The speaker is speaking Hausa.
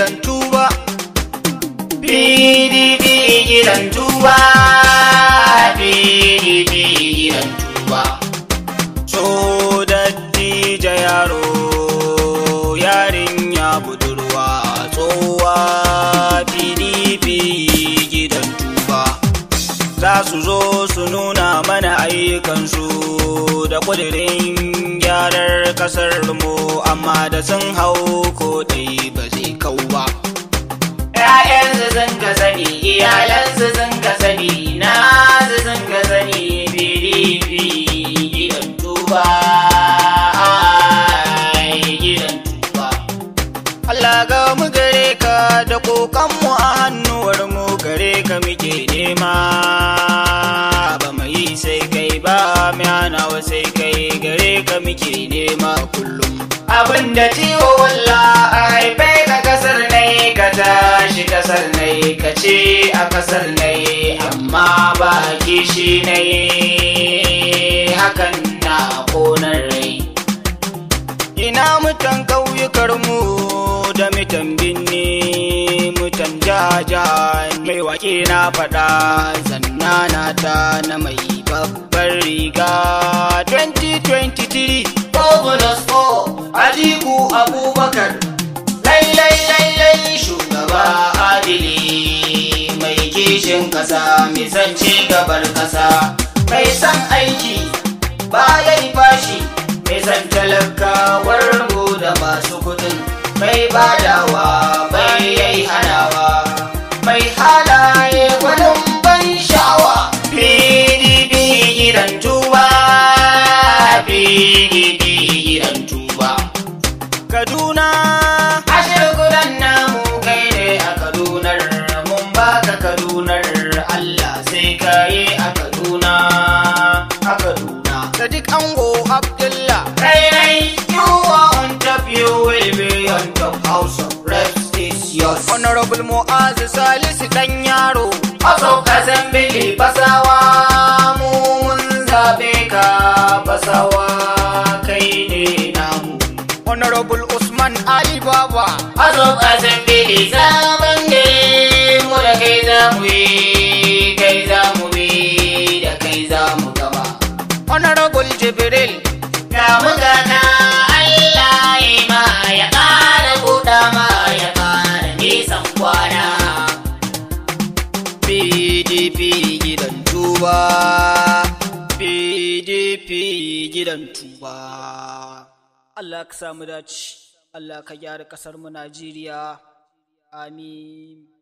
gidan tuba pdp gidan tuba pdp gidan tuba so yaro yarin ya budurwa tsowa pdp gidan tuba za su zo su nuna mana ayyukansu da kudirin gyarar kasar mu amma da sun hau ko ɗai ba sun ka sani iyalansu sun ka sani nasu sun ka sani pdp gidan tuba gidan tuba Allah ga mu gare ka da kokanmu a hannuwar mu gare ka muke nema ba mu sai kai ba mu yana sai kai gare ka muke nema kullum abin ciwo wallah baki shi na yi hakan na ƙonar rai. Ina mutan mu da mutan binni mutan jaja mai waƙe na faɗa zannana ta na mai babbar riga 2023 Ajiku Abubakar ƙasa mai san ci gabar ƙasa mai san aiki ba ya yi fashi mai san talakawar mu da masu kudin mai badawa bai yayi yi hadawa mai halaye abul mu'azu salisu dan yaro a sauka zambili basawa mu mun zabe ka basawa kai ne namu honorable usman ali baba a sauka zambili zaman mu da kai za mu yi kai za mu bi da kai za mu gaba honorable tuba PDP gidan tuba Allah ka samu dace Allah ka gyara ƙasarmu Najeriya amin